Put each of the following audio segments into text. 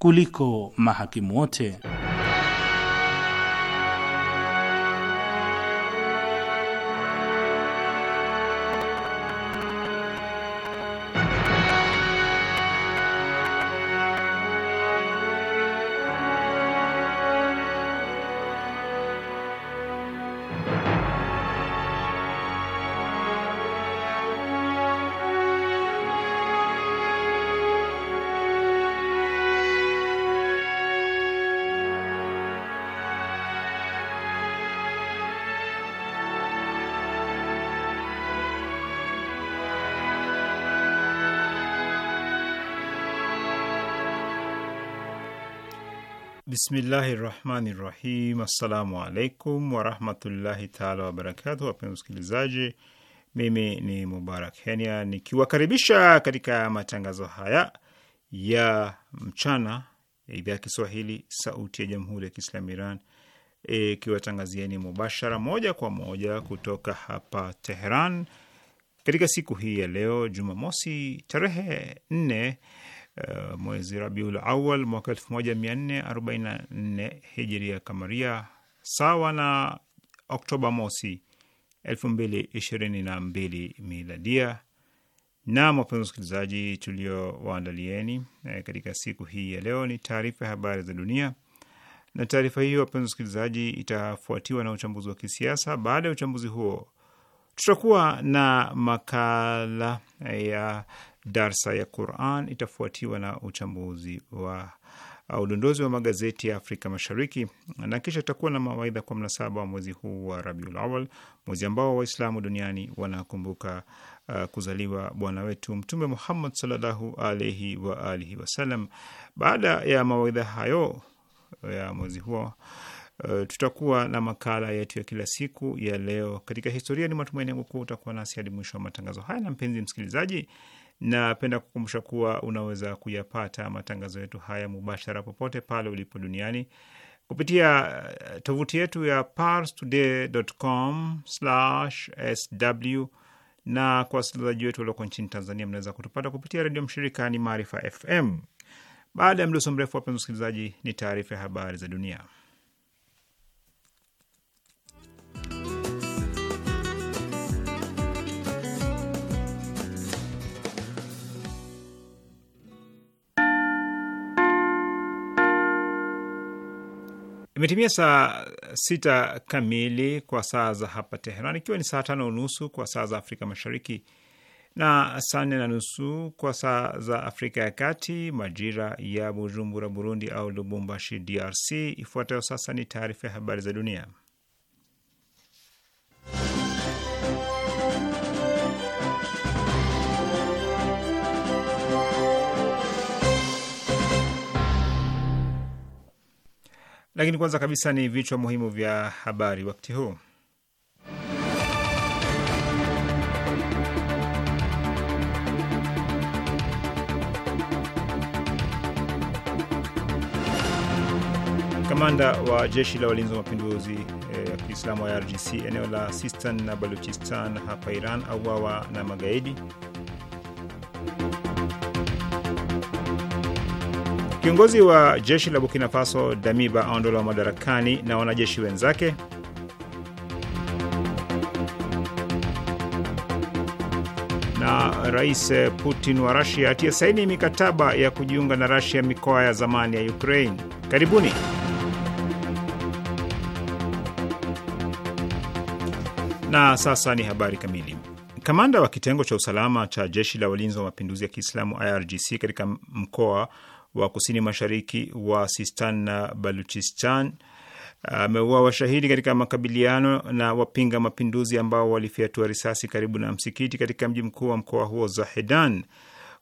kuliko mahakimu wote. Bismillahi rahmani rahim. Assalamu alaikum warahmatullahi taala wabarakatu Wapenzi msikilizaji mimi ni Mubarak Kenya nikiwakaribisha katika matangazo haya ya mchana ya idhaa ya Kiswahili sauti ya jamhuri ya Kiislamu Iran ikiwatangazieni e, mubashara moja kwa moja kutoka hapa Teheran katika siku hii ya leo Jumamosi tarehe nne Eh, mwezi Rabiul Awal mwaka 1444 Hijria Kamaria, sawa na Oktoba mosi 2022 Miladia. Na wapenzi wasikilizaji, tuliowaandalieni eh, katika siku hii ya leo ni taarifa ya habari za dunia, na taarifa hiyo wapenzi wasikilizaji, itafuatiwa na uchambuzi wa kisiasa. Baada ya uchambuzi huo, tutakuwa na makala eh, ya darsa ya Quran itafuatiwa na uchambuzi wa udondozi wa magazeti ya Afrika Mashariki na kisha itakuwa na mawaidha kwa mnasaba wa mwezi huu wa Rabiul Awal, mwezi ambao Waislamu duniani wanakumbuka uh, kuzaliwa bwana wetu Mtume Muhammad sallallahu alaihi wa alihi wasallam. Baada ya mawaidha hayo uh, ya mwezi huo Uh, tutakuwa na makala yetu ya kila siku ya leo katika historia. Ni matumaini yangu kuwa utakuwa nasi hadi mwisho wa matangazo haya. Na mpenzi msikilizaji, Napenda kukumbusha kuwa unaweza kuyapata matangazo yetu haya mubashara popote pale ulipo duniani kupitia eh, tovuti yetu ya parstoday.com/sw na kwa wasikilizaji wetu walioko nchini Tanzania, mnaweza kutupata kupitia redio mshirika ni Maarifa FM. Baada ya mdoso mrefu, wapenzi wasikilizaji, ni taarifa ya habari za dunia. Imetimia saa sita kamili kwa saa za hapa Teheran, ikiwa ni saa tano unusu kwa saa za Afrika Mashariki na saa nne na nusu kwa saa za Afrika ya Kati, majira ya Bujumbura, Burundi, au Lubumbashi, DRC. Ifuatayo sasa ni taarifa ya habari za dunia. Lakini kwanza kabisa ni vichwa muhimu vya habari wakati huu. Kamanda wa jeshi la walinzi wa mapinduzi eh, ya eh, Kiislamu wa IRGC eneo la Sistan na Baluchistan hapa Iran auawa na magaidi. Kiongozi wa jeshi la Burkina Faso Damiba aondolewa madarakani na wanajeshi wenzake. Na Rais Putin wa Rasia atia saini mikataba ya kujiunga na Rasia mikoa ya zamani ya Ukraine. Karibuni. Na sasa ni habari kamili. Kamanda wa kitengo cha usalama cha jeshi la walinzi wa mapinduzi ya Kiislamu IRGC katika mkoa wa kusini mashariki wa Sistan na Baluchistan ameua washahidi katika makabiliano na wapinga mapinduzi ambao walifyatua risasi karibu na msikiti katika mji mkuu wa mkoa huo Zahedan.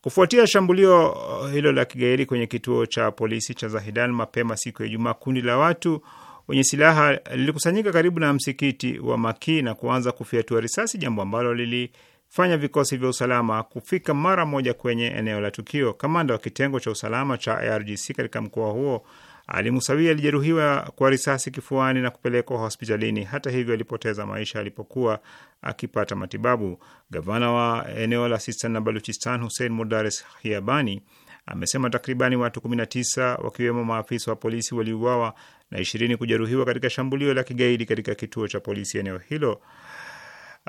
Kufuatia shambulio uh, hilo la kigaidi kwenye kituo cha polisi cha Zahedan mapema siku ya Ijumaa, kundi la watu wenye silaha lilikusanyika karibu na msikiti wa Maki na kuanza kufyatua risasi, jambo ambalo lili fanya vikosi vya usalama kufika mara moja kwenye eneo la tukio. Kamanda wa kitengo cha usalama cha IRGC katika mkoa huo Ali Musawi alijeruhiwa kwa risasi kifuani na kupelekwa hospitalini. Hata hivyo, alipoteza maisha alipokuwa akipata matibabu. Gavana wa eneo la Sistan na Baluchistan Hussein Mudares Hiabani amesema takribani watu 19 wakiwemo maafisa wa polisi waliuawa na 20 kujeruhiwa katika shambulio la kigaidi katika kituo cha polisi eneo hilo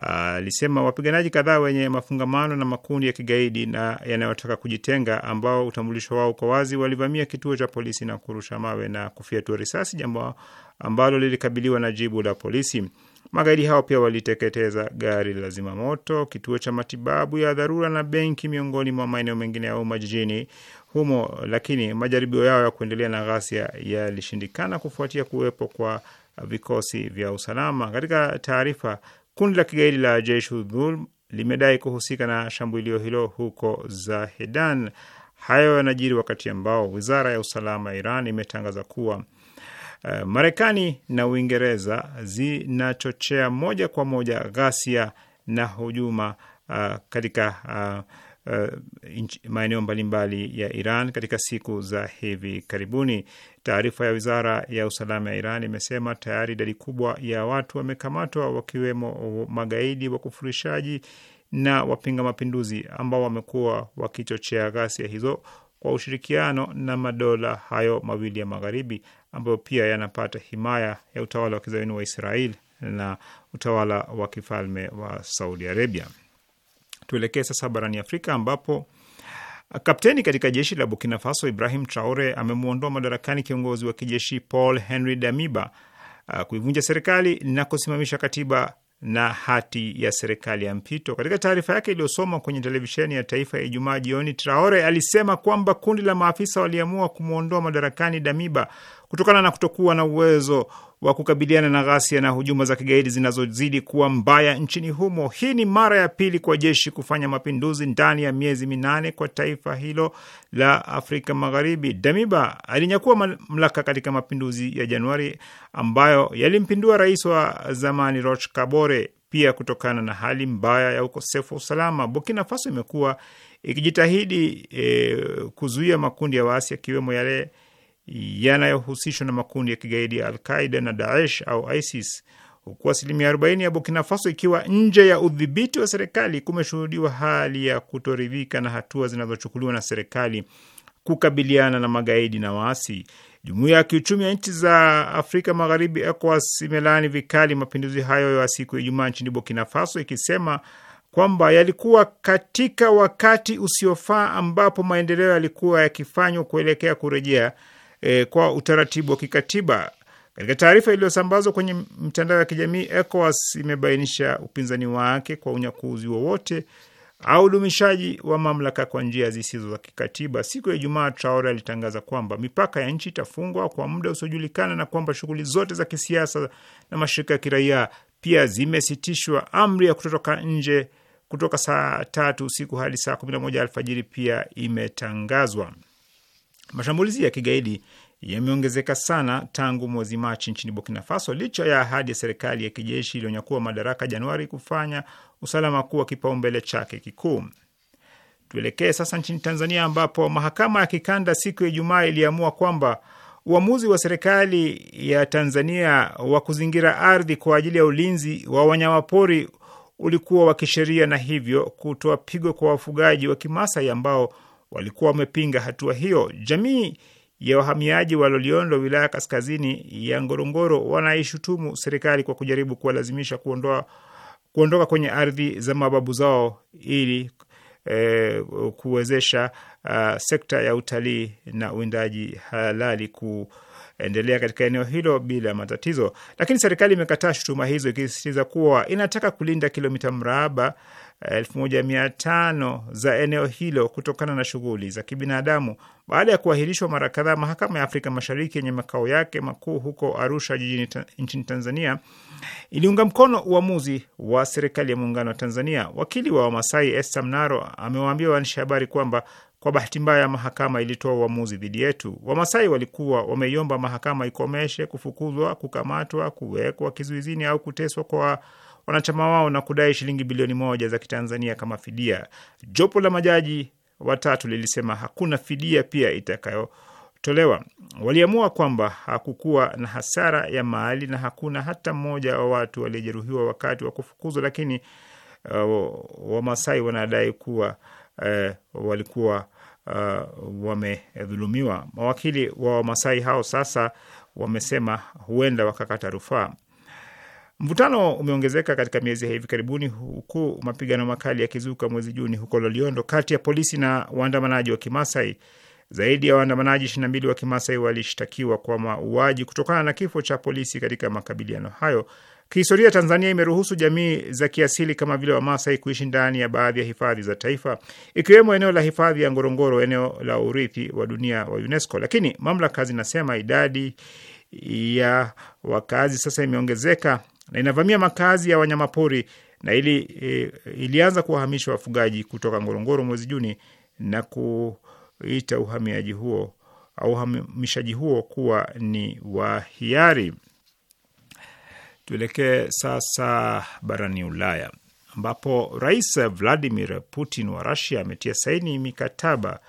alisema uh, wapiganaji kadhaa wenye mafungamano na makundi ya kigaidi na yanayotaka kujitenga ambao utambulisho wao uko wazi walivamia kituo cha polisi na kurusha mawe na kufyatua risasi, jambo ambalo lilikabiliwa na jibu la polisi. Magaidi hao pia waliteketeza gari la zimamoto, kituo cha matibabu ya dharura na benki, miongoni mwa maeneo mengine ya umma jijini humo, lakini majaribio yao ya kuendelea na ghasia yalishindikana kufuatia kuwepo kwa vikosi vya usalama. Katika taarifa Kundi la kigaidi la Jeshudhulm limedai kuhusika na shambulio hilo huko Zahedan. Hayo yanajiri wakati ambao wizara ya usalama ya Iran imetangaza kuwa Uh, Marekani na Uingereza zinachochea moja kwa moja ghasia na hujuma uh, katika uh, uh, maeneo mbalimbali ya Iran katika siku za hivi karibuni. Taarifa ya wizara ya usalama ya Iran imesema tayari idadi kubwa ya watu wamekamatwa, wakiwemo magaidi, wakufurishaji na wapinga mapinduzi ambao wamekuwa wakichochea ghasia hizo kwa ushirikiano na madola hayo mawili ya magharibi ambayo pia yanapata himaya ya utawala wa kizayuni wa israel na utawala wa kifalme wa Saudi Arabia. Tuelekee sasa barani Afrika ambapo uh, kapteni katika jeshi la Burkina Faso Ibrahim Traore amemwondoa madarakani kiongozi wa kijeshi Paul Henry Damiba, uh, kuivunja serikali na kusimamisha katiba na hati ya serikali ya mpito. Katika taarifa yake iliyosoma kwenye televisheni ya taifa ya Ijumaa jioni, Traore alisema kwamba kundi la maafisa waliamua kumwondoa madarakani Damiba kutokana na kutokuwa na uwezo wa kukabiliana na ghasia na hujuma za kigaidi zinazozidi kuwa mbaya nchini humo. Hii ni mara ya pili kwa jeshi kufanya mapinduzi ndani ya miezi minane kwa taifa hilo la Afrika Magharibi. Damiba alinyakua mamlaka katika mapinduzi ya Januari ambayo yalimpindua rais wa zamani Roch Kabore. Pia kutokana na hali mbaya ya ukosefu wa usalama, Burkina Faso imekuwa ikijitahidi e, kuzuia makundi ya waasi yakiwemo yale yanayohusishwa na makundi ya kigaidi ya Alqaida na Daesh au ISIS, huku asilimia 40 ya Burkina Faso ikiwa nje ya udhibiti wa serikali, kumeshuhudiwa hali ya kutoridhika na hatua zinazochukuliwa na serikali kukabiliana na magaidi na waasi. Jumuiya ya kiuchumi ya nchi za Afrika Magharibi, ECOWAS, imelaani vikali mapinduzi hayo ya siku ya Ijumaa nchini Burkina Faso, ikisema kwamba yalikuwa katika wakati usiofaa ambapo maendeleo yalikuwa yakifanywa kuelekea kurejea e, kwa utaratibu wa kikatiba. Katika taarifa iliyosambazwa kwenye mtandao ya kijamii, ECOWAS imebainisha upinzani wake kwa unyakuzi wowote au udumishaji wa mamlaka kwa njia zisizo za kikatiba. Siku ya Ijumaa, Traore alitangaza kwamba mipaka ya nchi itafungwa kwa muda usiojulikana na kwamba shughuli zote za kisiasa na mashirika ya kiraia pia zimesitishwa. Amri ya kutotoka nje kutoka saa tatu usiku hadi saa kumi na moja alfajiri pia imetangazwa. Mashambulizi ya kigaidi yameongezeka sana tangu mwezi Machi nchini Burkina Faso, licha ya ahadi ya serikali ya kijeshi iliyonyakua madaraka Januari kufanya usalama kuwa kipaumbele chake kikuu. Tuelekee sasa nchini Tanzania, ambapo mahakama ya kikanda siku ya Ijumaa iliamua kwamba uamuzi wa serikali ya Tanzania wa kuzingira ardhi kwa ajili ya ulinzi wa wanyamapori ulikuwa wa kisheria na hivyo kutoa pigo kwa wafugaji wa Kimasai ambao walikuwa wamepinga hatua hiyo. Jamii ya wahamiaji wa Loliondo, wilaya kaskazini ya Ngorongoro, wanaishutumu serikali kwa kujaribu kuwalazimisha kuondoa kuondoka kwenye ardhi za mababu zao ili e, kuwezesha a, sekta ya utalii na uwindaji halali kuendelea katika eneo hilo bila matatizo. Lakini serikali imekataa shutuma hizo ikisisitiza kuwa inataka kulinda kilomita mraba elfu moja mia tano za eneo hilo kutokana na shughuli za kibinadamu. Baada ya kuahirishwa mara kadhaa, mahakama ya Afrika Mashariki yenye makao yake makuu huko Arusha jijini ta, nchini Tanzania iliunga mkono uamuzi wa serikali ya muungano wa Tanzania. Wakili wa Wamasai Esther Mnaro amewaambia waandishi habari kwamba kwa bahati mbaya mahakama ilitoa uamuzi dhidi yetu. Wamasai walikuwa wameiomba mahakama ikomeshe kufukuzwa, kukamatwa, kuwekwa kizuizini au kuteswa kwa wanachama wao na kudai shilingi bilioni moja za kitanzania kama fidia. Jopo la majaji watatu lilisema hakuna fidia pia itakayotolewa. Waliamua kwamba hakukuwa na hasara ya mali na hakuna hata mmoja wa watu waliojeruhiwa wakati wa kufukuzwa, lakini uh, Wamasai wanadai kuwa uh, walikuwa uh, wamedhulumiwa. Mawakili wa Wamasai hao sasa wamesema huenda wakakata rufaa. Mvutano umeongezeka katika miezi ya hivi karibuni huku mapigano makali yakizuka mwezi Juni huko Loliondo kati ya polisi na waandamanaji wa Kimasai. Zaidi ya waandamanaji na mbili wa Kimasai walishtakiwa kwa mauaji kutokana na kifo cha polisi katika makabiliano hayo. Kihistoria, Tanzania imeruhusu jamii za kiasili kama vile Wamasai kuishi ndani ya baadhi ya hifadhi za taifa ikiwemo eneo la hifadhi ya Ngorongoro, eneo la urithi wa dunia wa UNESCO, lakini mamlaka zinasema idadi ya wakazi sasa imeongezeka na inavamia makazi ya wanyamapori na ili, e, ilianza kuwahamisha wafugaji kutoka Ngorongoro mwezi Juni na kuita uhamiaji huo au uhamishaji huo kuwa ni wa hiari. Tuelekee sasa barani Ulaya ambapo Rais Vladimir Putin wa rasia ametia saini mikataba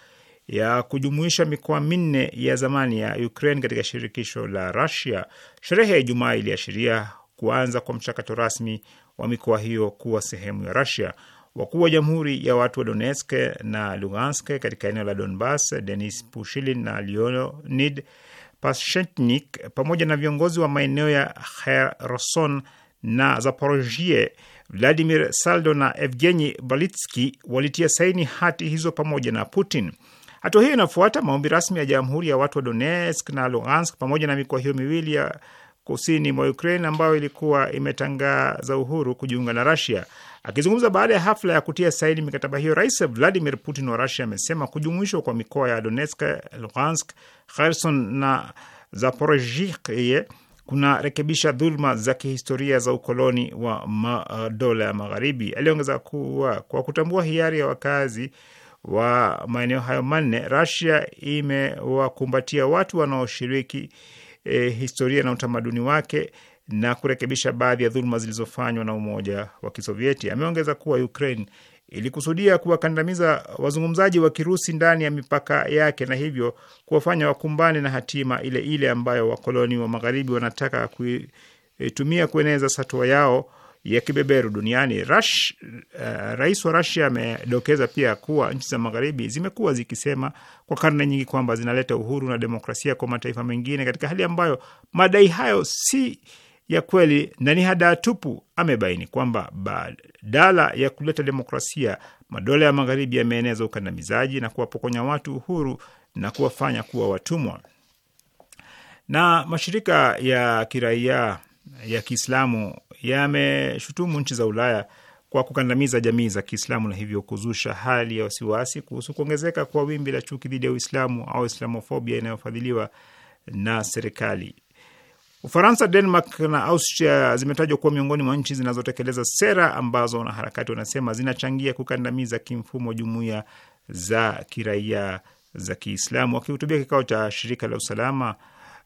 ya kujumuisha mikoa minne ya zamani ya Ukraine katika shirikisho la rasia Sherehe ya Ijumaa iliashiria kuanza kwa mchakato rasmi wa mikoa hiyo kuwa sehemu ya rasia Wakuu wa Jamhuri ya Watu wa Donetsk na Lugansk katika eneo la Donbas, Denis Pushilin na Leonid Pashetnik, pamoja na viongozi wa maeneo ya Kherson na Zaporojie, Vladimir Saldo na Evgeni Balitski walitia saini hati hizo pamoja na Putin. Hatua hiyo inafuata maombi rasmi ya Jamhuri ya Watu wa Donetsk na Lugansk pamoja na mikoa hiyo miwili ya kusini mwa Ukraine ambayo ilikuwa imetangaza uhuru kujiunga na rasia Akizungumza baada ya hafla ya kutia saini mikataba hiyo, Rais Vladimir Putin wa rasia amesema kujumuishwa kwa mikoa ya Donetsk, Luhansk, Kherson na Zaporizhzhia kunarekebisha dhuluma za kihistoria za ukoloni wa madola ya Magharibi. Aliongeza kuwa kwa kutambua hiari ya wakazi wa maeneo hayo manne, rasia imewakumbatia watu wanaoshiriki e, historia na utamaduni wake na kurekebisha baadhi ya dhuluma zilizofanywa na Umoja wa Kisovieti. Ameongeza kuwa Ukraine ilikusudia kuwakandamiza wazungumzaji wa Kirusi ndani ya mipaka yake na hivyo kuwafanya wakumbane na hatima ile ile ambayo wakoloni wa Magharibi wanataka kuitumia kueneza satua yao ya kibeberu duniani. Rush, uh, eh, rais wa Rusia amedokeza pia kuwa nchi za magharibi zimekuwa zikisema kwa karne nyingi kwamba zinaleta uhuru na demokrasia kwa mataifa mengine, katika hali ambayo madai hayo si ya kweli na ni hadaa tupu. Amebaini kwamba badala ya kuleta demokrasia, madola ya magharibi yameeneza ukandamizaji na kuwapokonya watu uhuru na kuwafanya kuwa watumwa na mashirika ya kiraia ya Kiislamu yameshutumu nchi za Ulaya kwa kukandamiza jamii za Kiislamu na hivyo kuzusha hali ya wasiwasi kuhusu kuongezeka kwa wimbi la chuki dhidi ya Uislamu au Islamofobia inayofadhiliwa na serikali. Ufaransa, Denmark na Austria zimetajwa kuwa miongoni mwa nchi zinazotekeleza sera ambazo wanaharakati wanasema zinachangia kukandamiza kimfumo jumuiya za kiraia za Kiislamu. Wakihutubia kikao cha shirika la usalama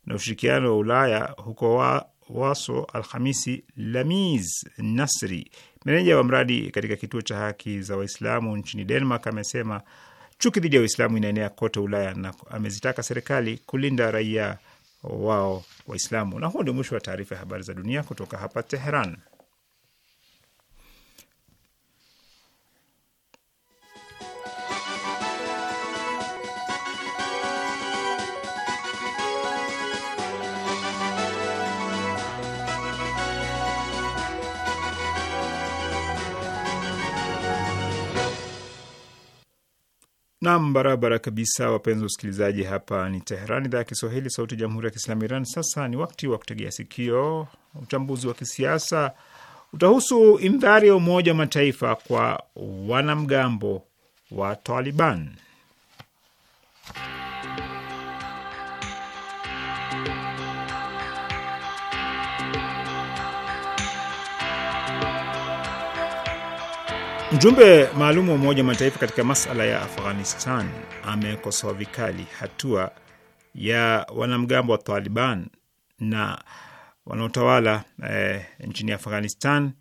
na ushirikiano wa Ulaya huko wa Waso Alhamisi Lamiz Nasri, meneja wa mradi katika kituo cha haki za Waislamu nchini Denmark, amesema chuki dhidi ya Waislamu inaenea kote Ulaya na amezitaka serikali kulinda raia wao Waislamu. Na huo ndio mwisho wa taarifa ya habari za dunia kutoka hapa Teheran. Nam, barabara kabisa, wapenzi wasikilizaji, hapa ni Teheran, idhaa ya Kiswahili, sauti ya jamhuri ya kiislamu Iran. Sasa ni wakati wa kutegea sikio. Uchambuzi wa kisiasa utahusu indhari ya Umoja wa Mataifa kwa wanamgambo wa Taliban. Mjumbe maalum wa Umoja wa Mataifa katika masala ya Afghanistan amekosoa vikali hatua ya wanamgambo wa Taliban na wanaotawala eh, nchini Afghanistan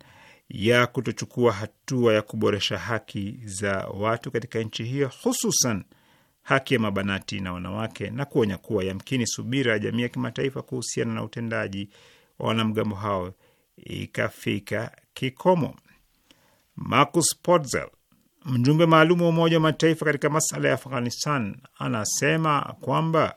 ya kutochukua hatua ya kuboresha haki za watu katika nchi hiyo, hususan haki ya mabanati na wanawake, na kuonya kuwa yamkini subira ya jamii ya kimataifa kuhusiana na utendaji wa wanamgambo hao ikafika kikomo. Marcus Potzel, mjumbe maalum wa Umoja wa Mataifa katika masala ya Afghanistan, anasema kwamba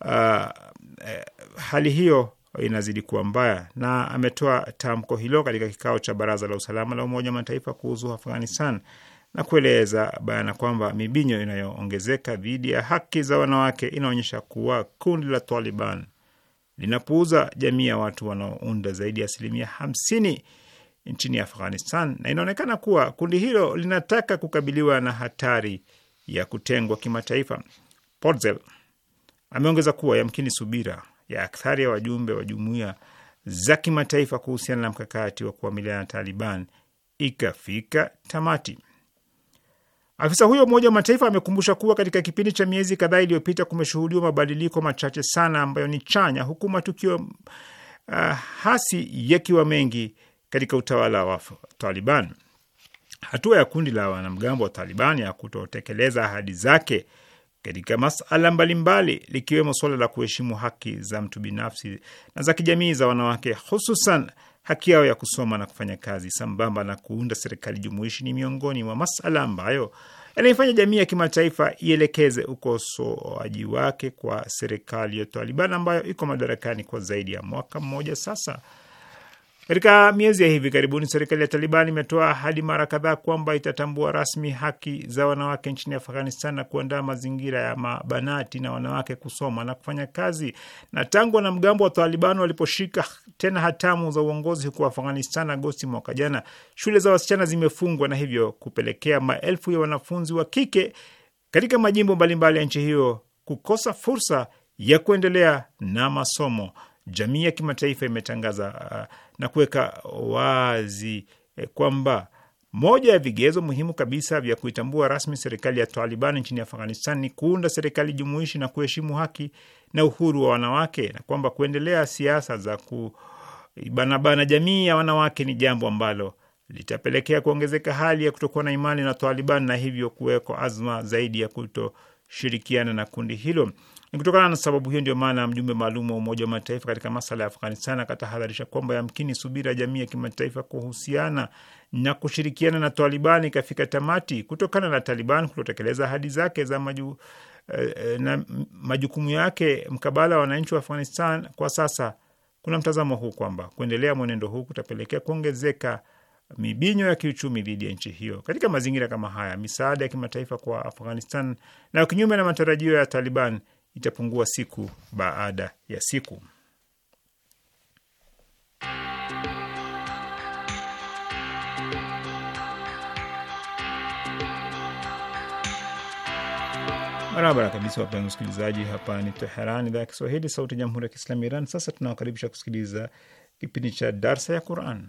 uh, eh, hali hiyo inazidi kuwa mbaya, na ametoa tamko hilo katika kikao cha Baraza la Usalama la Umoja wa Mataifa kuhusu Afghanistan na kueleza bayana kwamba mibinyo inayoongezeka dhidi ya haki za wanawake inaonyesha kuwa kundi la Taliban linapuuza jamii ya watu wanaounda zaidi ya asilimia hamsini nchini Afghanistan, na inaonekana kuwa kundi hilo linataka kukabiliwa na hatari ya kutengwa kimataifa. Potzel ameongeza kuwa yamkini subira ya akthari ya wajumbe wa jumuiya za kimataifa kuhusiana na mkakati wa kuamiliana na Taliban ikafika tamati. Afisa huyo Umoja wa Mataifa amekumbusha kuwa katika kipindi cha miezi kadhaa iliyopita kumeshuhudiwa mabadiliko machache sana ambayo ni chanya, huku matukio uh, hasi yakiwa mengi katika utawala wa Taliban. Hatua ya kundi la wanamgambo wa Taliban ya kutotekeleza ahadi zake katika masala mbalimbali likiwemo suala la kuheshimu haki za mtu binafsi na za kijamii za wanawake, hususan haki yao ya kusoma na kufanya kazi sambamba na kuunda serikali jumuishi ni miongoni mwa masala ambayo yanaifanya jamii ya kimataifa ielekeze ukosoaji wake kwa serikali ya Taliban ambayo iko madarakani kwa zaidi ya mwaka mmoja sasa. Katika miezi ya hivi karibuni, serikali ya Taliban imetoa ahadi mara kadhaa kwamba itatambua rasmi haki za wanawake nchini Afghanistan na kuandaa mazingira ya mabanati na wanawake kusoma na kufanya kazi. Na tangu wanamgambo wa Taliban waliposhika tena hatamu za uongozi huko Afghanistan Agosti mwaka jana, shule za wasichana zimefungwa na hivyo kupelekea maelfu ya wanafunzi wa kike katika majimbo mbalimbali ya nchi hiyo kukosa fursa ya kuendelea na masomo. Jamii ya kimataifa imetangaza uh, na kuweka wazi eh, kwamba moja ya vigezo muhimu kabisa vya kuitambua rasmi serikali ya Taliban nchini Afghanistan ni kuunda serikali jumuishi na kuheshimu haki na uhuru wa wanawake, na kwamba kuendelea siasa za kubanabana jamii ya wanawake ni jambo ambalo litapelekea kuongezeka hali ya kutokuwa na imani na Taliban na hivyo kuwekwa azma zaidi ya kutoshirikiana na kundi hilo. Ni kutokana na sababu hiyo ndio maana mjumbe maalum wa Umoja wa Mataifa katika masala ya Afghanistan akatahadharisha kwamba yamkini subira ya jamii ya kimataifa kuhusiana na kushirikiana na Taliban ikafika tamati kutokana na Taliban kutotekeleza ahadi zake za maju, eh, eh, na majukumu yake mkabala wa wananchi wa Afghanistan. Kwa sasa kuna mtazamo huu kwamba kuendelea mwenendo huu kutapelekea kuongezeka mibinyo ya kiuchumi dhidi ya nchi hiyo. Katika mazingira kama haya, misaada ya kimataifa kwa Afghanistan na kinyume na matarajio ya Taliban itapungua siku baada ya siku. Barabara kabisa, wapenzi usikilizaji hapa ni Teheran, idhaa ya Kiswahili, sauti ya jamhuri ya kiislamu ya Iran. Sasa tunawakaribisha kusikiliza kipindi cha darsa ya Quran.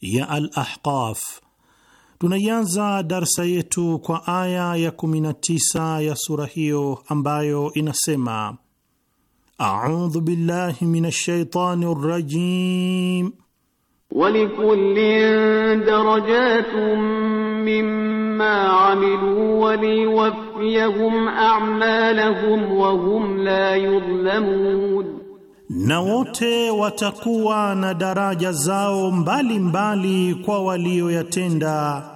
ya Al-Ahqaf. Tunaianza darsa yetu kwa aya ya 19 ya sura hiyo ambayo inasema: audhu billahi minash shaitani rrajim walikulli darajatun mimma amilu waliwafiyahum a'malahum wa hum la yudhlamun na wote watakuwa na daraja zao mbalimbali mbali kwa walioyatenda,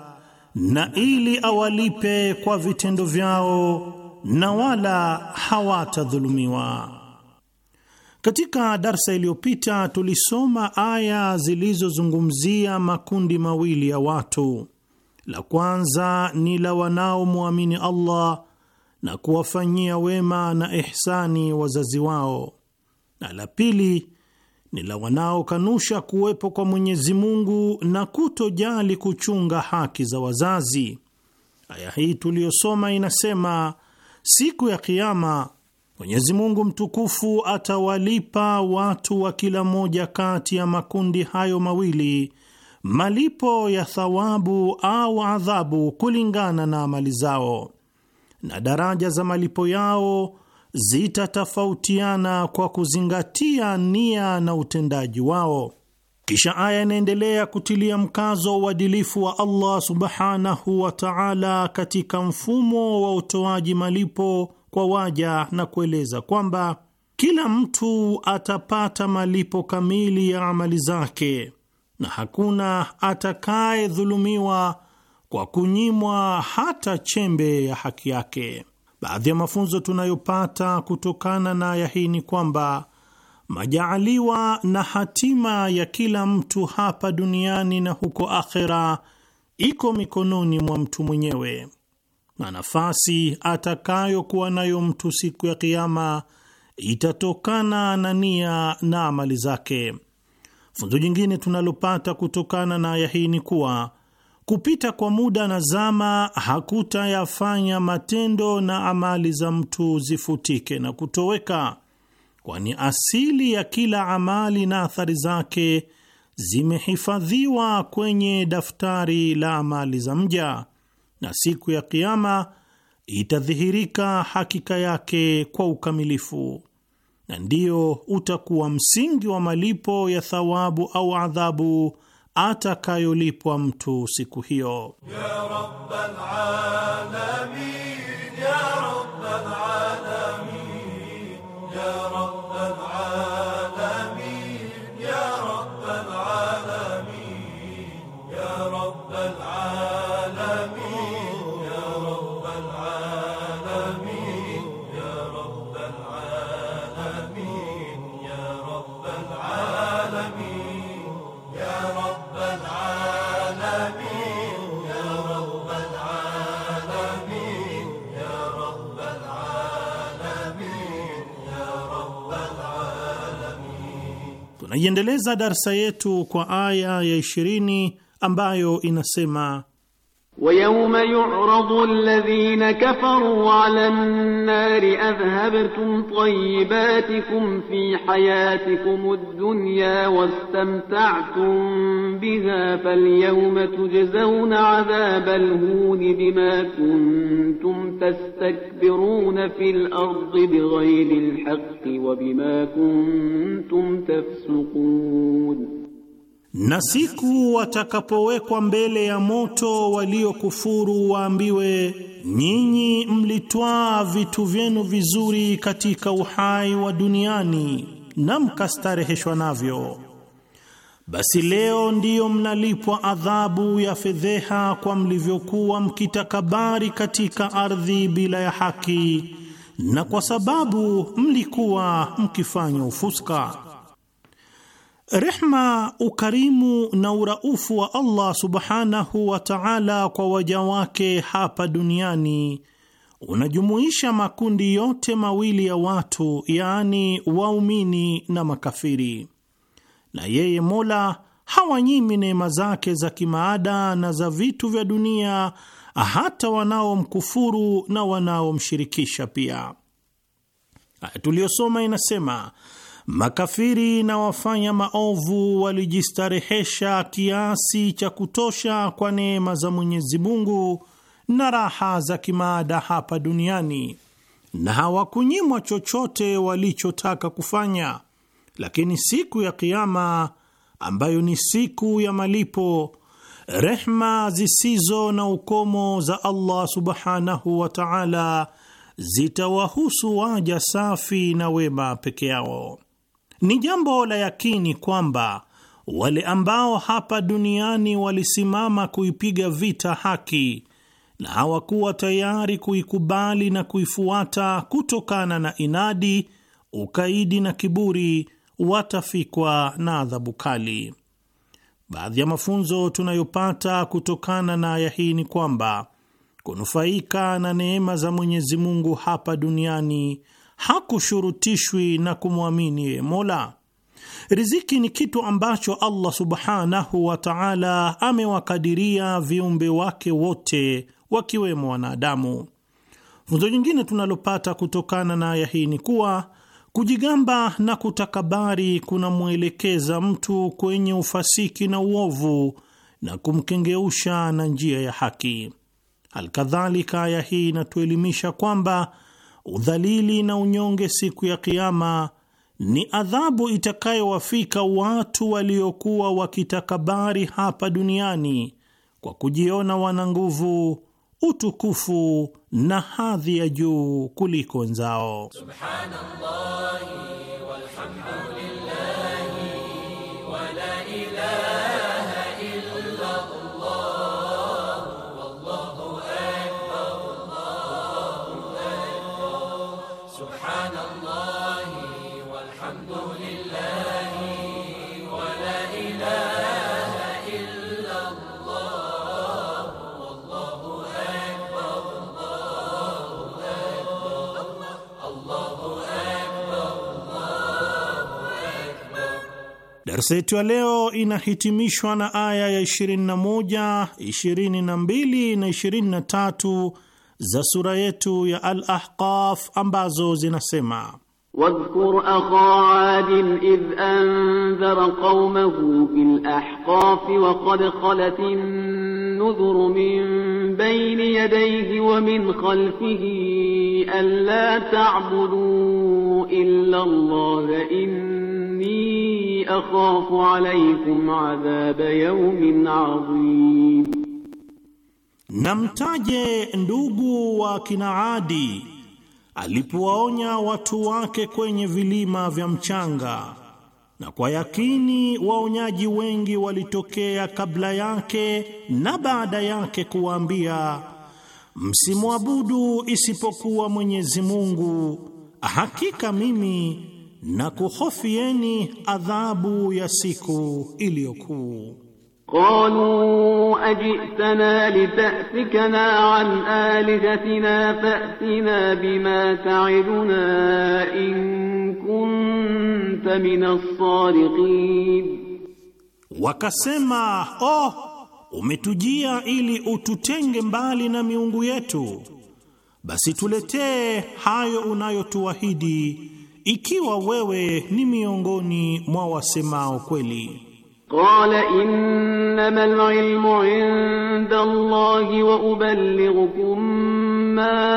na ili awalipe kwa vitendo vyao, na wala hawatadhulumiwa. Katika darsa iliyopita tulisoma aya zilizozungumzia makundi mawili ya watu. La kwanza ni la wanaomwamini Allah na kuwafanyia wema na ihsani wazazi wao na la pili ni la wanaokanusha kuwepo kwa Mwenyezi Mungu na kutojali kuchunga haki za wazazi. Aya hii tuliyosoma inasema siku ya Kiama Mwenyezi Mungu mtukufu atawalipa watu wa kila moja kati ya makundi hayo mawili malipo ya thawabu au adhabu kulingana na amali zao, na daraja za malipo yao zitatofautiana kwa kuzingatia nia na utendaji wao. Kisha aya inaendelea kutilia mkazo wa uadilifu wa Allah subhanahu wa ta'ala katika mfumo wa utoaji malipo kwa waja na kueleza kwamba kila mtu atapata malipo kamili ya amali zake na hakuna atakayedhulumiwa kwa kunyimwa hata chembe ya haki yake. Baadhi ya mafunzo tunayopata kutokana na aya hii ni kwamba majaaliwa na hatima ya kila mtu hapa duniani na huko akhera iko mikononi mwa mtu mwenyewe, na nafasi atakayokuwa nayo mtu siku ya Kiama itatokana na nia na amali zake. Funzo jingine tunalopata kutokana na aya hii ni kuwa Kupita kwa muda na zama hakutayafanya matendo na amali za mtu zifutike na kutoweka, kwani asili ya kila amali na athari zake zimehifadhiwa kwenye daftari la amali za mja, na siku ya Kiama itadhihirika hakika yake kwa ukamilifu, na ndiyo utakuwa msingi wa malipo ya thawabu au adhabu atakayolipwa mtu siku hiyo. Tunaiendeleza darsa yetu kwa aya ya 20 ambayo inasema ويوم يعرض الذين كفروا على النار أذهبتم طيباتكم في حياتكم الدنيا واستمتعتم بها فاليوم تجزون عذاب الهون بما كنتم تستكبرون في الأرض بغير الحق وبما كنتم تفسقون Na siku watakapowekwa mbele ya moto waliokufuru, waambiwe, nyinyi mlitwaa vitu vyenu vizuri katika uhai wa duniani na mkastareheshwa navyo, basi leo ndiyo mnalipwa adhabu ya fedheha kwa mlivyokuwa mkitakabari katika ardhi bila ya haki, na kwa sababu mlikuwa mkifanya ufuska. Rehma, ukarimu na uraufu wa Allah subhanahu wa taala kwa waja wake hapa duniani unajumuisha makundi yote mawili ya watu, yaani waumini na makafiri, na yeye Mola hawanyimi neema zake za kimaada na za vitu vya dunia hata wanaomkufuru na wanaomshirikisha pia. Tuliyosoma inasema Makafiri na wafanya maovu walijistarehesha kiasi cha kutosha kwa neema za Mwenyezi Mungu na raha za kimaada hapa duniani, na hawakunyimwa chochote walichotaka kufanya, lakini siku ya Kiama, ambayo ni siku ya malipo, rehma zisizo na ukomo za Allah subhanahu wa taala zitawahusu waja safi na wema peke yao. Ni jambo la yakini kwamba wale ambao hapa duniani walisimama kuipiga vita haki na hawakuwa tayari kuikubali na kuifuata kutokana na inadi, ukaidi na kiburi, watafikwa na adhabu kali. Baadhi ya mafunzo tunayopata kutokana na aya hii ni kwamba kunufaika na neema za Mwenyezi Mungu hapa duniani hakushurutishwi na kumwamini yeye Mola. Riziki ni kitu ambacho Allah subhanahu wa taala amewakadiria viumbe wake wote wakiwemo wanadamu. Funzo nyingine tunalopata kutokana na aya hii ni kuwa kujigamba na kutakabari kunamwelekeza mtu kwenye ufasiki na uovu na kumkengeusha na njia ya haki. Alkadhalika, aya hii inatuelimisha kwamba udhalili na unyonge siku ya Kiama ni adhabu itakayowafika watu waliokuwa wakitakabari hapa duniani kwa kujiona wana nguvu, utukufu na hadhi ya juu kuliko wenzao. Subhanallah. Darsetu ya leo inahitimishwa na aya ya 21, 22 na 23 za sura yetu ya Al-Ahqaf ambazo zinasema Wadhkur akha Adin idh anzara qaumahu bil ahqaf wa qad khalat النذر من بين يديه ومن خلفه ألا تعبدوا إلا الله إني أخاف عليكم عذاب يوم عظيم Namtaje ndugu wa Kinaadi alipowaonya watu wake kwenye vilima vya mchanga na kwa yakini waonyaji wengi walitokea kabla yake na baada yake kuwaambia, msimwabudu isipokuwa Mwenyezi Mungu, hakika mimi na kuhofieni adhabu ya siku iliyokuu. قالوا أجئتنا لتأفكنا عن آلهتنا فأتنا بما تعدنا إن كنت من الصادقين wakasema أوه oh, umetujia ili ututenge mbali na miungu yetu basi tuletee hayo unayotuahidi ikiwa wewe ni miongoni mwa wasemao kweli قال إنما العلم عند الله وأبلغكم ما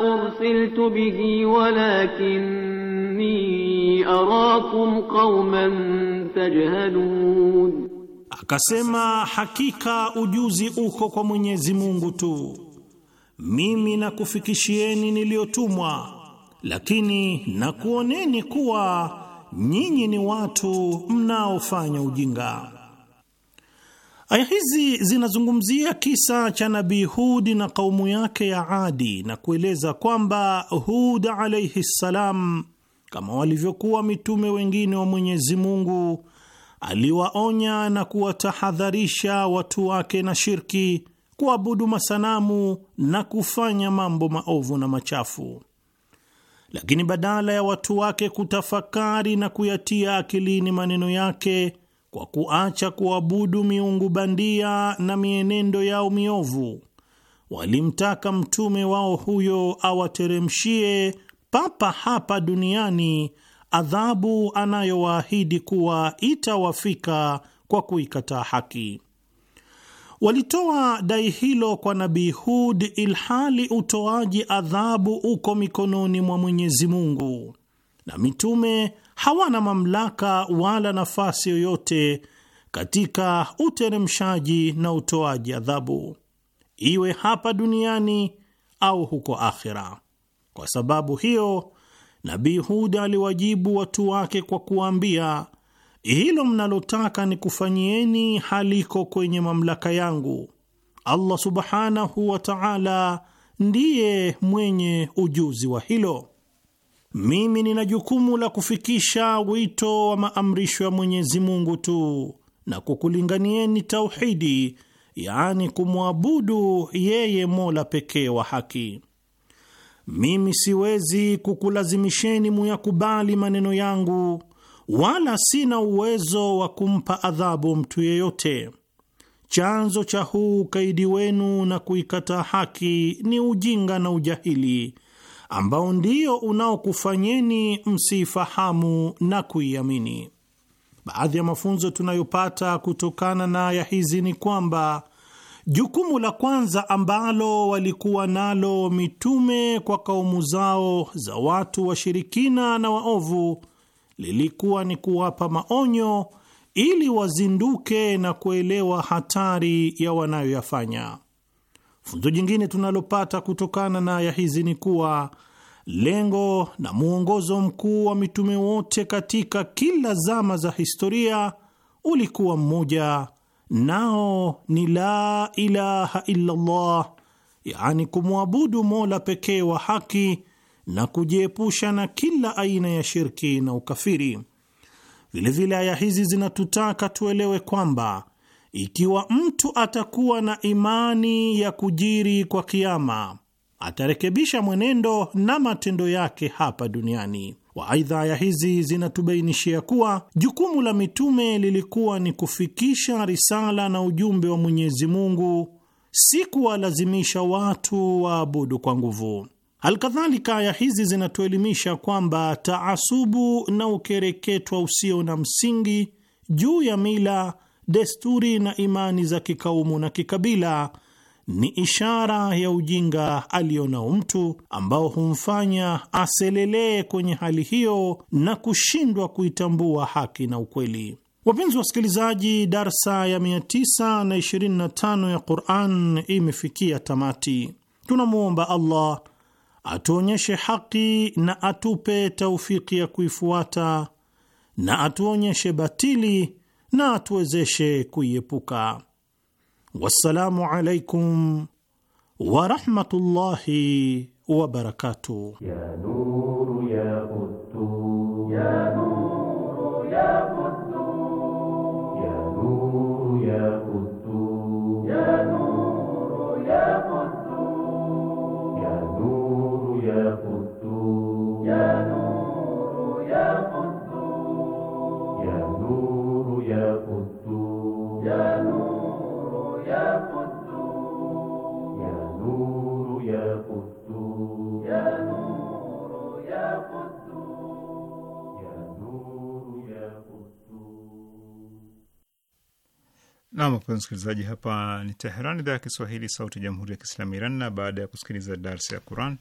أرسلت به ولكني أراكم قوما تجهلون Akasema hakika ujuzi uko kwa Mwenyezi Mungu tu, mimi nakufikishieni niliyotumwa, lakini nakuoneni kuwa nyinyi ni watu mnaofanya ujinga. Aya hizi zinazungumzia kisa cha Nabii Hudi na kaumu yake ya Adi na kueleza kwamba Hud alaihi ssalam, kama walivyokuwa mitume wengine wa Mwenyezi Mungu, aliwaonya na kuwatahadharisha watu wake na shirki, kuabudu masanamu na kufanya mambo maovu na machafu lakini badala ya watu wake kutafakari na kuyatia akilini maneno yake kwa kuacha kuabudu miungu bandia na mienendo yao miovu, walimtaka mtume wao huyo awateremshie papa hapa duniani adhabu anayowaahidi kuwa itawafika kwa kuikataa haki. Walitoa dai hilo kwa Nabii Hud ilhali utoaji adhabu uko mikononi mwa Mwenyezi Mungu, na mitume hawana mamlaka wala nafasi yoyote katika uteremshaji na utoaji adhabu, iwe hapa duniani au huko akhira Kwa sababu hiyo, Nabii Hud aliwajibu watu wake kwa kuwaambia hilo mnalotaka ni kufanyieni haliko kwenye mamlaka yangu. Allah subhanahu wa ta'ala ndiye mwenye ujuzi wa hilo. Mimi nina jukumu la kufikisha wito wa maamrisho ya Mwenyezi Mungu tu na kukulinganieni tauhidi, yaani kumwabudu yeye Mola pekee wa haki. Mimi siwezi kukulazimisheni muyakubali maneno yangu wala sina uwezo wa kumpa adhabu mtu yeyote. Chanzo cha huu ukaidi wenu na kuikataa haki ni ujinga na ujahili ambao ndio unaokufanyeni msiifahamu na kuiamini. Baadhi ya mafunzo tunayopata kutokana na aya hizi ni kwamba jukumu la kwanza ambalo walikuwa nalo mitume kwa kaumu zao za watu washirikina na waovu lilikuwa ni kuwapa maonyo ili wazinduke na kuelewa hatari ya wanayoyafanya. Funzo jingine tunalopata kutokana na aya hizi ni kuwa lengo na mwongozo mkuu wa mitume wote katika kila zama za historia ulikuwa mmoja, nao ni la ilaha illallah, yaani kumwabudu Mola pekee wa haki na kujiepusha na kila aina ya shirki na ukafiri. Vilevile aya hizi zinatutaka tuelewe kwamba ikiwa mtu atakuwa na imani ya kujiri kwa kiama atarekebisha mwenendo na matendo yake hapa duniani. Waaidha, aya hizi zinatubainishia kuwa jukumu la mitume lilikuwa ni kufikisha risala na ujumbe wa Mwenyezi Mungu, si kuwalazimisha watu waabudu kwa nguvu. Alkadhalika, aya hizi zinatuelimisha kwamba taasubu na ukereketwa usio na msingi juu ya mila, desturi na imani za kikaumu na kikabila ni ishara ya ujinga aliyonao mtu ambao humfanya aselelee kwenye hali hiyo na kushindwa kuitambua haki na ukweli. Wapenzi wasikilizaji, darsa ya 925 ya Quran imefikia tamati. Tunamwomba Allah atuonyeshe haki na atupe taufiki ya kuifuata na atuonyeshe batili na atuwezeshe kuiepuka. Wassalamu alaikum warahmatullahi wabarakatuh. يا msikilizaji, hapa ni Teheran, idhaa ya Kiswahili, sauti ya jamhuri ya kiislamu Iran. Na baada ya kusikiliza darsa ya Quran,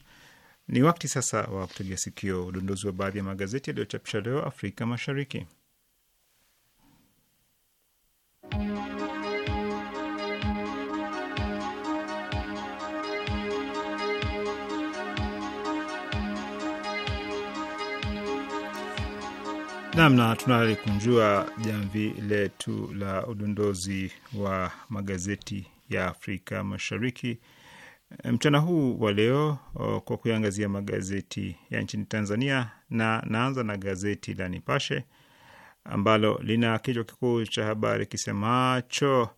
ni wakati sasa wa kutegea sikio udondozi wa baadhi ya magazeti yaliyochapisha leo Afrika Mashariki. Namna tunalikunjua jamvi letu la udondozi wa magazeti ya Afrika Mashariki mchana huu wa leo kwa kuiangazia magazeti ya nchini Tanzania, na naanza na gazeti la Nipashe ambalo lina kichwa kikuu cha habari kisemacho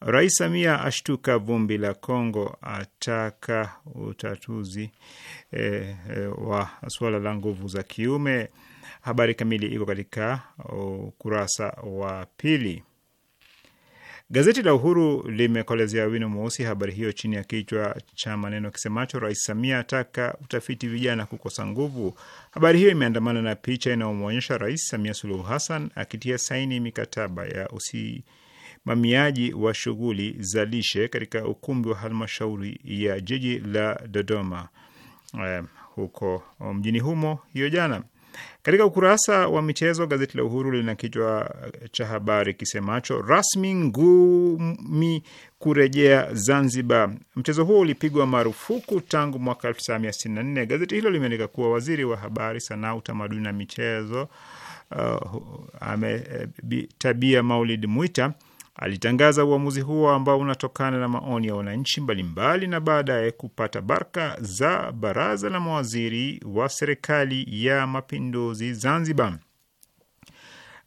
Rais Samia ashtuka vumbi la Kongo, ataka utatuzi e, e, wa suala la nguvu za kiume. Habari kamili iko katika ukurasa wa pili. Gazeti la Uhuru limekolezea wino mweusi habari hiyo chini ya kichwa cha maneno kisemacho Rais Samia ataka utafiti vijana kukosa nguvu. Habari hiyo imeandamana na picha inayomwonyesha Rais Samia Suluhu Hassan akitia saini mikataba ya usimamiaji wa shughuli za lishe katika ukumbi wa halmashauri ya jiji la Dodoma eh, huko mjini humo hiyo jana. Katika ukurasa wa michezo, gazeti la Uhuru lina kichwa cha habari kisemacho rasmi ngumi kurejea Zanzibar. Mchezo huo ulipigwa marufuku tangu mwaka 1964. Gazeti hilo limeandika kuwa waziri wa habari, sanaa, utamaduni na michezo uh, ametabia eh, Maulid Mwita Alitangaza uamuzi huo ambao unatokana na maoni ya wananchi mbalimbali na baadaye kupata baraka za baraza la mawaziri wa serikali ya mapinduzi Zanzibar.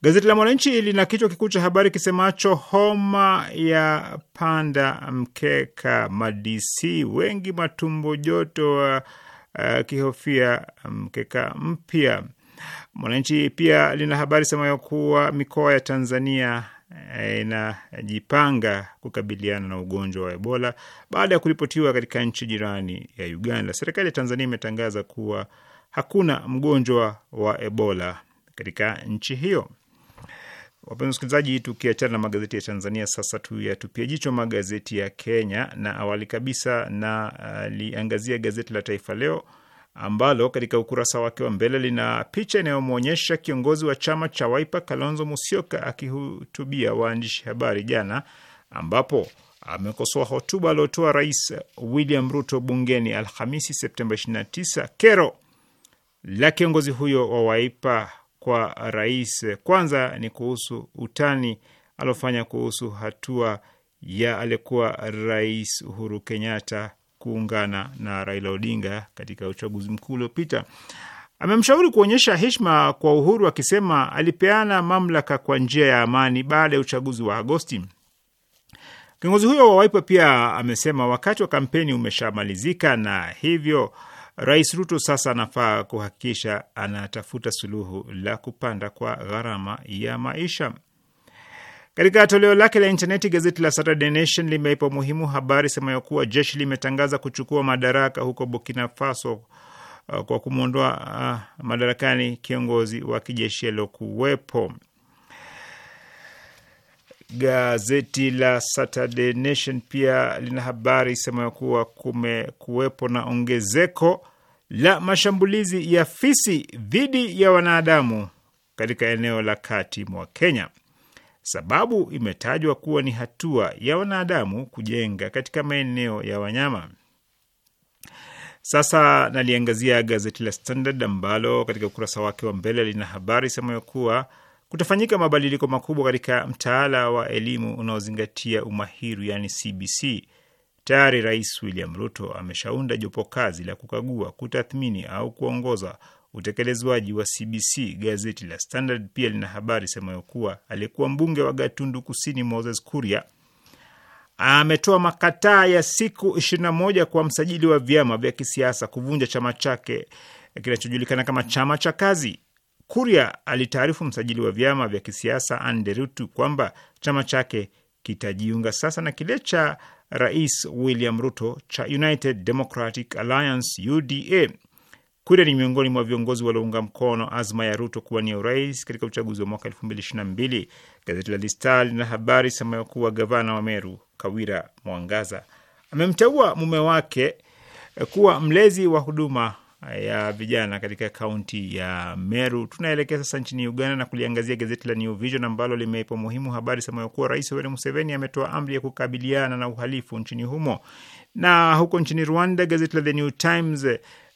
Gazeti la Mwananchi lina kichwa kikuu cha habari kisemacho homa ya panda mkeka, madisi wengi matumbo joto wa uh, uh, kihofia mkeka mpya. Mwananchi pia lina habari semayo kuwa mikoa ya Tanzania Eh, inajipanga kukabiliana na ugonjwa wa Ebola baada ya kuripotiwa katika nchi jirani ya Uganda. Serikali ya Tanzania imetangaza kuwa hakuna mgonjwa wa Ebola katika nchi hiyo. Wapenzi wasikilizaji, tukiachana na magazeti ya Tanzania, sasa tuyatupia jicho magazeti ya Kenya, na awali kabisa na uh, gazeti la Taifa Leo ambalo katika ukurasa wake wa mbele lina picha inayomwonyesha kiongozi wa chama cha Wiper Kalonzo Musyoka akihutubia waandishi habari jana, ambapo amekosoa hotuba aliotoa Rais William Ruto bungeni Alhamisi Septemba 29, kero la kiongozi huyo wa Wiper kwa rais kwanza ni kuhusu utani aliofanya kuhusu hatua ya aliyekuwa Rais Uhuru Kenyatta kuungana na Raila Odinga katika uchaguzi mkuu uliopita. Amemshauri kuonyesha heshima kwa Uhuru akisema alipeana mamlaka kwa njia ya amani baada ya uchaguzi wa Agosti. Kiongozi huyo wa Waipa pia amesema wakati wa kampeni umeshamalizika na hivyo Rais Ruto sasa anafaa kuhakikisha anatafuta suluhu la kupanda kwa gharama ya maisha. Katika toleo lake la intaneti gazeti la Saturday Nation limeipa umuhimu habari semayo kuwa jeshi limetangaza kuchukua madaraka huko Burkina Faso uh, kwa kumwondoa uh, madarakani kiongozi wa kijeshi aliyokuwepo. Gazeti la Saturday Nation pia lina habari semayo kuwa kumekuwepo na ongezeko la mashambulizi ya fisi dhidi ya wanadamu katika eneo la kati mwa Kenya. Sababu imetajwa kuwa ni hatua ya wanadamu kujenga katika maeneo ya wanyama. Sasa naliangazia gazeti la Standard ambalo katika ukurasa wake wa mbele lina habari semayo kuwa kutafanyika mabadiliko makubwa katika mtaala wa elimu unaozingatia umahiri, yaani CBC. Tayari Rais William Ruto ameshaunda jopo kazi la kukagua, kutathmini au kuongoza utekelezwaji wa CBC. Gazeti la Standard pia lina habari semayo kuwa aliyekuwa mbunge wa Gatundu Kusini Moses Kuria ametoa makataa ya siku 21 kwa msajili wa vyama vya kisiasa kuvunja chama chake kinachojulikana kama chama cha kazi. Kuria alitaarifu msajili wa vyama vya kisiasa Anderutu kwamba chama chake kitajiunga sasa na kile cha Rais William Ruto cha United Democratic Alliance UDA. Kuria ni miongoni mwa viongozi waliounga mkono azma ya Ruto kuwania urais katika uchaguzi wa mwaka elfu mbili ishirini na mbili. Gazeti la The lina habari semayo kuwa gavana wa Meru Kawira Mwangaza amemteua mume wake eh, kuwa mlezi wa huduma eh, ya vijana katika kaunti ya Meru. Tunaelekea sasa nchini Uganda na kuliangazia gazeti la New Vision ambalo limeipa muhimu habari semayo kuwa Rais Yoweri Museveni ametoa amri ya kukabiliana na uhalifu nchini humo. Na huko nchini Rwanda, gazeti la The New Times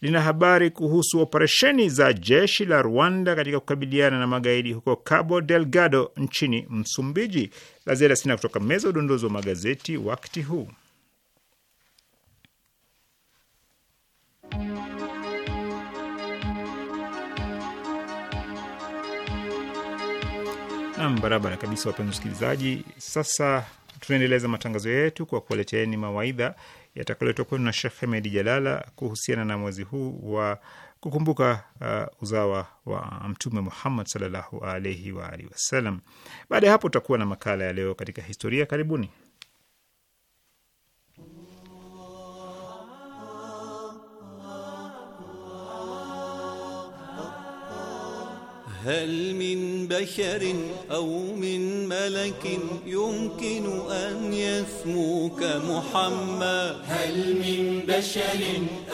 lina habari kuhusu operesheni za jeshi la Rwanda katika kukabiliana na magaidi huko Cabo Delgado nchini Msumbiji. La ziada sina kutoka meza udondozi wa magazeti wakati huu. Nam, barabara kabisa, wapenzi msikilizaji, Sasa tunaendeleza matangazo yetu kwa kuwaleteeni mawaidha yatakaletwa kwenu na Shekh Hemedi Jalala kuhusiana na mwezi huu wa kukumbuka uh, uzawa wa Mtume Muhammad sallallahu alaihi waalihi wasalam. Baada ya hapo, utakuwa na makala ya leo katika historia. Karibuni. هل من بشر أو من ملك يمكن أن يسموك محمد هل من بشر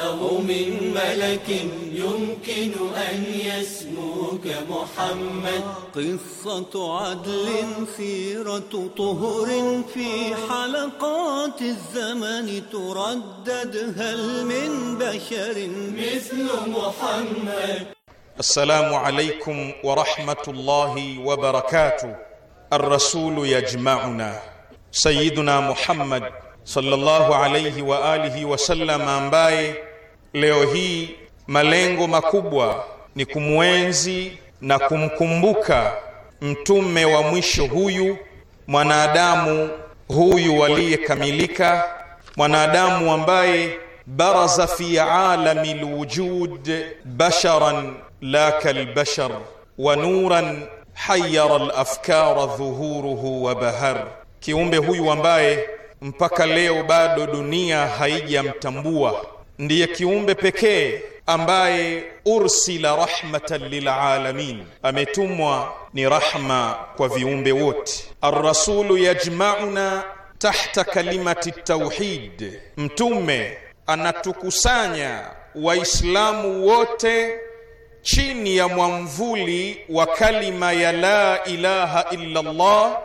أو من ملك يمكن أن يسموك محمد قصة عدل سيرة طهر في حلقات الزمن تردد هل من بشر مثل محمد السلام عليكم ورحمة الله وبركاته الرسول يجمعنا سيدنا محمد صلى الله عليه وآله ambaye leo hii malengo makubwa ni kumwenzi na kumkumbuka mtume wa mwisho huyu mwanadamu huyu aliyekamilika mwanadamu ambaye baraza fi alami lwujud basharan la kalbashar wa nuran hayara lafkara dhuhuruhu wa bahar, kiumbe huyu ambaye mpaka leo bado dunia haijamtambua ndiye kiumbe pekee ambaye ursila rahmatan lilalamin, ametumwa ni rahma kwa viumbe wote. Arrasulu yajmauna tahta kalimati tauhid, mtume anatukusanya Waislamu wote chini ya mwamvuli wa kalima ya la ilaha illa Allah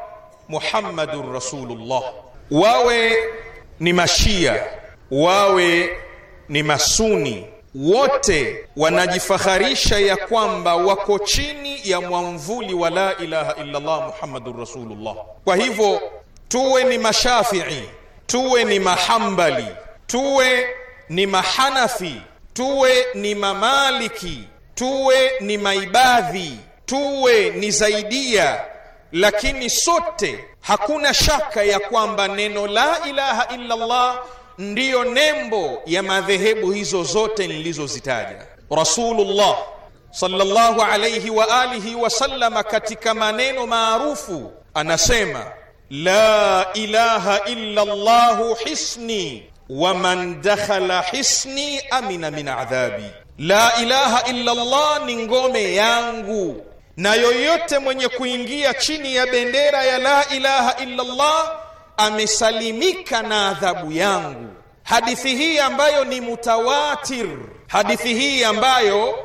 Muhammadur Rasulullah, wawe ni mashia wawe ni masuni, wote wanajifaharisha ya kwamba wako chini ya mwamvuli wa la ilaha illa Allah Muhammadur Rasulullah. Kwa hivyo tuwe ni mashafii, tuwe ni mahambali, tuwe ni mahanafi, tuwe ni mamaliki tuwe ni maibadhi, tuwe ni zaidia, lakini sote hakuna shaka ya kwamba neno la ilaha illa Allah ndiyo nembo ya madhehebu hizo zote nilizozitaja. Rasulullah sallallahu alayhi wa alihi wasallama katika maneno maarufu anasema la ilaha illa llahu hisni wa man dakhala hisni amina min adhabi la ilaha illa Allah ni ngome yangu, na yoyote mwenye kuingia chini ya bendera ya la ilaha illa Allah amesalimika na adhabu yangu. Hadithi hii ambayo ni mutawatir, hadithi hii ambayo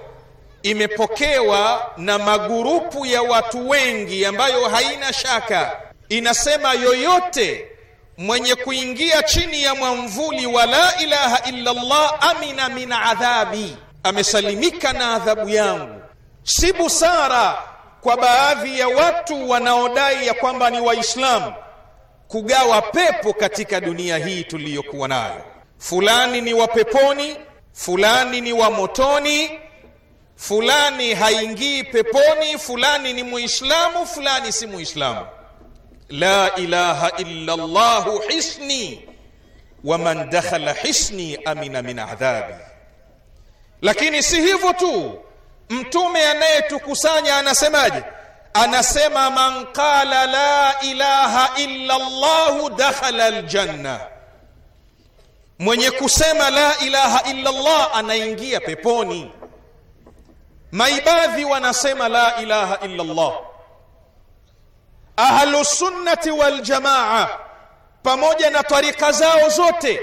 imepokewa na magurupu ya watu wengi, ambayo haina shaka, inasema yoyote mwenye kuingia chini ya mwamvuli wa la ilaha illa Allah amina min adhabi amesalimika na adhabu yangu. Si busara kwa baadhi ya watu wanaodai ya kwamba ni Waislamu kugawa pepo katika dunia hii tuliyokuwa nayo. Fulani ni wa peponi, fulani ni wa motoni, fulani haingii peponi, fulani ni Muislamu, fulani si Muislamu. La ilaha illa llahu hisni wa man dakhala hisni amina min adhabi lakini si hivyo tu, mtume anayetukusanya anasemaje? Anasema, man qala la ilaha illa Allah dakhala aljanna, mwenye kusema la ilaha illa Allah anaingia peponi. Maibadhi wanasema la ilaha illa Allah. Ahlusunnati waljamaa pamoja na tarika zao zote,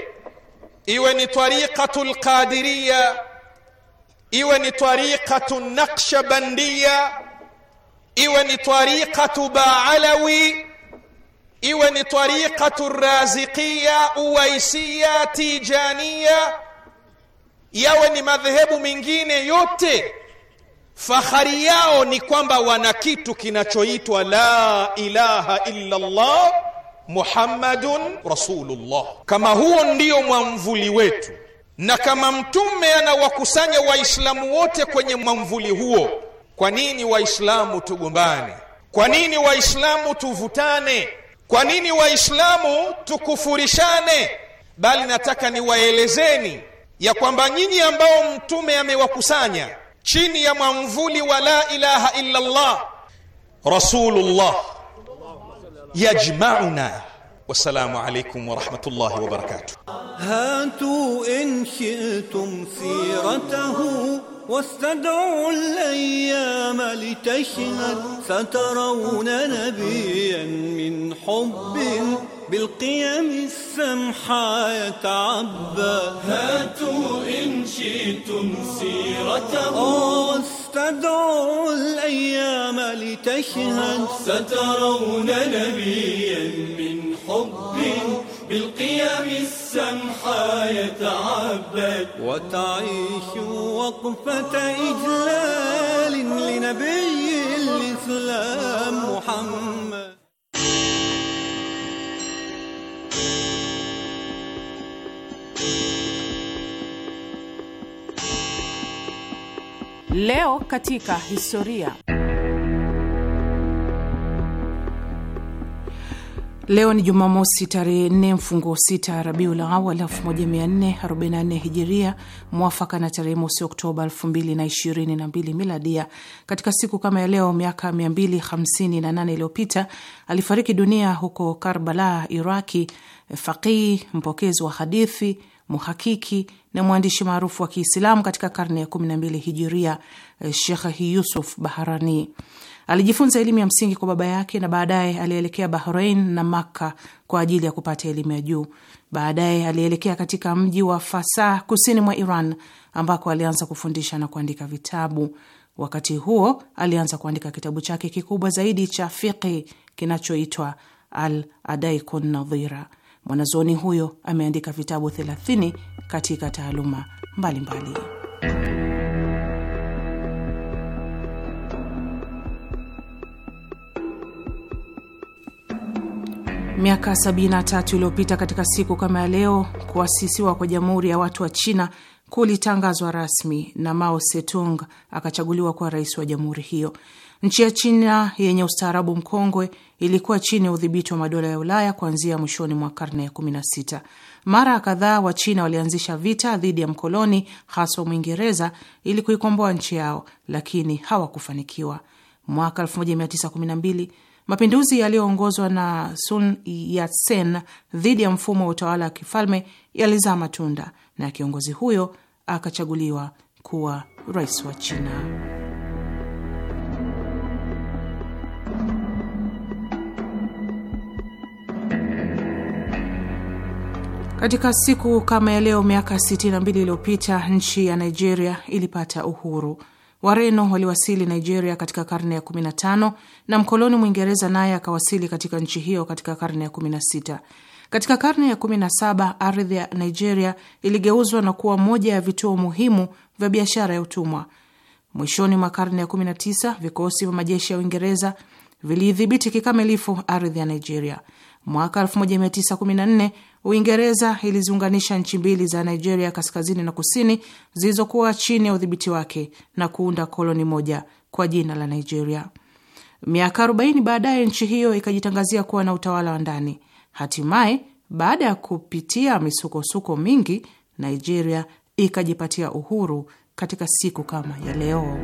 iwe ni tarikatul qadiriya iwe ni tariqatu naqshbandia iwe ni tariqatu baalawi iwe ni tariqatu raziqia uwaisia tijania yawe ni madhehebu mengine yote fahari yao ni kwamba wana kitu kinachoitwa la ilaha illa Allah Muhammadun Rasulullah. Kama huo ndio mwamvuli wetu na kama mtume anawakusanya waislamu wote kwenye mwamvuli huo, kwa nini waislamu tugombane? Kwa nini waislamu tuvutane? Kwa nini waislamu tukufurishane? Bali nataka niwaelezeni ya kwamba nyinyi ambao mtume amewakusanya chini ya mwamvuli wa la ilaha illa Allah rasulullah yajmauna والسلام عليكم ورحمة الله وبركاته هاتوا إن شئتم سيرته واستدعوا الأيام لتشهد سترون نبيا من حب بالقيم السمحة يتعبى هاتوا إن شئتم سيرته واستدعوا الأيام لتشهد سترون نبيا من حب بالقيم السمحة يتعبد وتعيش وقفة إجلال لنبي الإسلام محمد Leo katika historia. Leo ni Jumamosi tarehe 4 mfungo 6 Rabiul Awal 1444 Hijiria, mwafaka na tarehe mosi Oktoba 2022 Miladia. Katika siku kama ya leo miaka 258 iliyopita alifariki dunia huko Karbala, Iraki, faqihi mpokezi wa hadithi, muhakiki na mwandishi maarufu wa Kiislamu katika karne ya 12 Hijiria, Shekh Yusuf Baharani. Alijifunza elimu ya msingi kwa baba yake na baadaye alielekea Bahrain na Makka kwa ajili ya kupata elimu ya juu. Baadaye alielekea katika mji wa fasa kusini mwa Iran ambako alianza kufundisha na kuandika vitabu. Wakati huo alianza kuandika kitabu chake kikubwa zaidi cha fiqhi kinachoitwa Al Adaikun Nadhira. Mwanazuoni huyo ameandika vitabu 30 katika taaluma mbalimbali mbali. Miaka 73 iliyopita katika siku kama ya leo, kuasisiwa kwa Jamhuri ya Watu wa China kulitangazwa rasmi na Mao Setung akachaguliwa kuwa rais wa jamhuri hiyo. Nchi ya China yenye ustaarabu mkongwe ilikuwa chini ya udhibiti wa madola ya Ulaya kuanzia mwishoni mwa karne ya 16. Mara kadhaa Wachina walianzisha vita dhidi ya mkoloni, haswa Mwingereza, ili kuikomboa nchi yao, lakini hawakufanikiwa. Mwaka 1912 Mapinduzi yaliyoongozwa na Sun Yatsen dhidi ya mfumo wa utawala wa kifalme yalizaa matunda na kiongozi huyo akachaguliwa kuwa rais wa China. Katika siku kama ya leo miaka 62 iliyopita nchi ya Nigeria ilipata uhuru. Wareno waliwasili Nigeria katika karne ya 15 na mkoloni Mwingereza naye akawasili katika nchi hiyo katika karne ya 16. Katika karne ya 17 ardhi ya Nigeria iligeuzwa na kuwa moja ya vituo muhimu vya biashara ya utumwa. Mwishoni mwa karne ya 19 vikosi vya majeshi ya Uingereza viliidhibiti kikamilifu ardhi ya Nigeria. Mwaka 1914 Uingereza iliziunganisha nchi mbili za Nigeria kaskazini na kusini zilizokuwa chini ya udhibiti wake na kuunda koloni moja kwa jina la Nigeria. Miaka 40 baadaye nchi hiyo ikajitangazia kuwa na utawala wa ndani. Hatimaye, baada ya kupitia misukosuko mingi, Nigeria ikajipatia uhuru katika siku kama ya leo.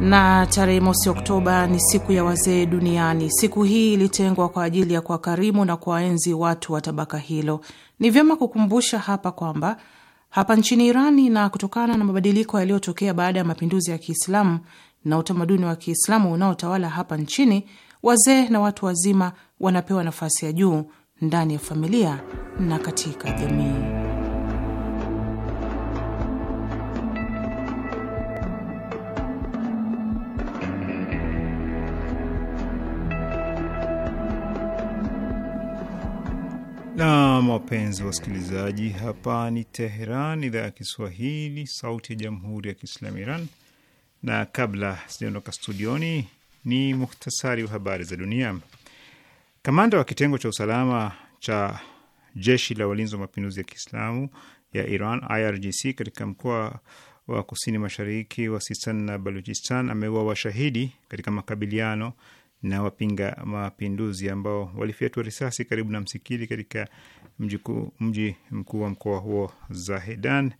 na tarehe mosi Oktoba ni siku ya wazee duniani. Siku hii ilitengwa kwa ajili ya kuwakarimu na kuwaenzi watu wa tabaka hilo. Ni vyema kukumbusha hapa kwamba hapa nchini Irani na kutokana na mabadiliko yaliyotokea baada ya mapinduzi ya Kiislamu na utamaduni wa Kiislamu unaotawala hapa nchini, wazee na watu wazima wanapewa nafasi ya juu ndani ya familia na katika jamii. na wapenzi wasikilizaji, hapa ni Teheran, idhaa ya Kiswahili, sauti ya jamhuri ya kiislamu Iran. Na kabla sijaondoka studioni, ni muhtasari wa habari za dunia. Kamanda wa kitengo cha usalama cha jeshi la walinzi wa mapinduzi ya Kiislamu ya Iran, IRGC, katika mkoa wa kusini mashariki wa Sistan na Baluchistan ameua washahidi katika makabiliano na wapinga mapinduzi ambao walifyatua risasi karibu na msikiti katika mji mkuu wa mkoa huo Zahedan.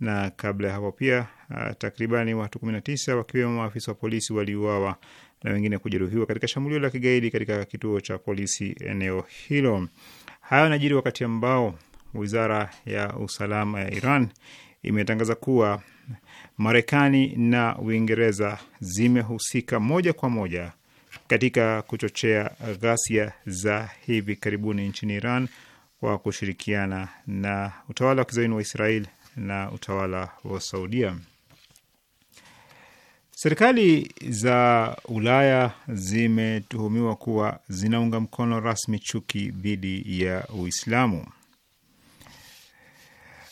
Na kabla ya hapo pia uh, takribani watu tisa wakiwemo maafisa wa polisi waliuawa na wengine kujeruhiwa katika shambulio la kigaidi katika kituo cha polisi eneo hilo. Hayo yanajiri wakati ambao wizara ya usalama ya Iran imetangaza kuwa Marekani na Uingereza zimehusika moja kwa moja katika kuchochea ghasia za hivi karibuni nchini Iran kwa kushirikiana na utawala wa kizaini wa Israel na utawala wa Saudia. Serikali za Ulaya zimetuhumiwa kuwa zinaunga mkono rasmi chuki dhidi ya Uislamu.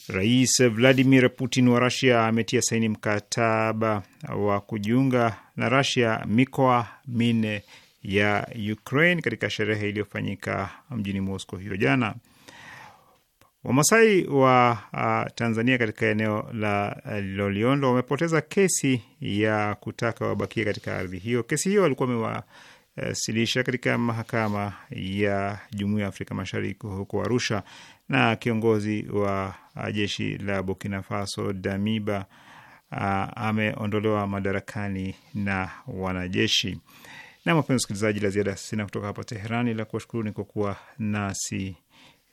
Rais Vladimir Putin wa Rasia ametia saini mkataba wa kujiunga na Rasia mikoa minne ya Ukraine katika sherehe iliyofanyika mjini Moscow hiyo jana. Wamasai wa uh, Tanzania katika eneo la uh, Loliondo wamepoteza kesi ya kutaka wabakie katika ardhi hiyo. Kesi hiyo walikuwa wamewasilisha katika mahakama ya Jumuiya ya Afrika Mashariki huko Arusha na kiongozi wa uh, jeshi la Burkina Faso Damiba uh, ameondolewa madarakani na wanajeshi. Na mapenzi msikilizaji, la ziada sina kutoka hapa Teherani, la kuwashukuru ni kwa kuwa nasi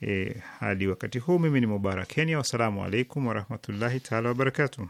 eh, hadi wakati huu. Mimi ni Mubarak Kenya, wassalamu alaikum warahmatullahi taala wabarakatu.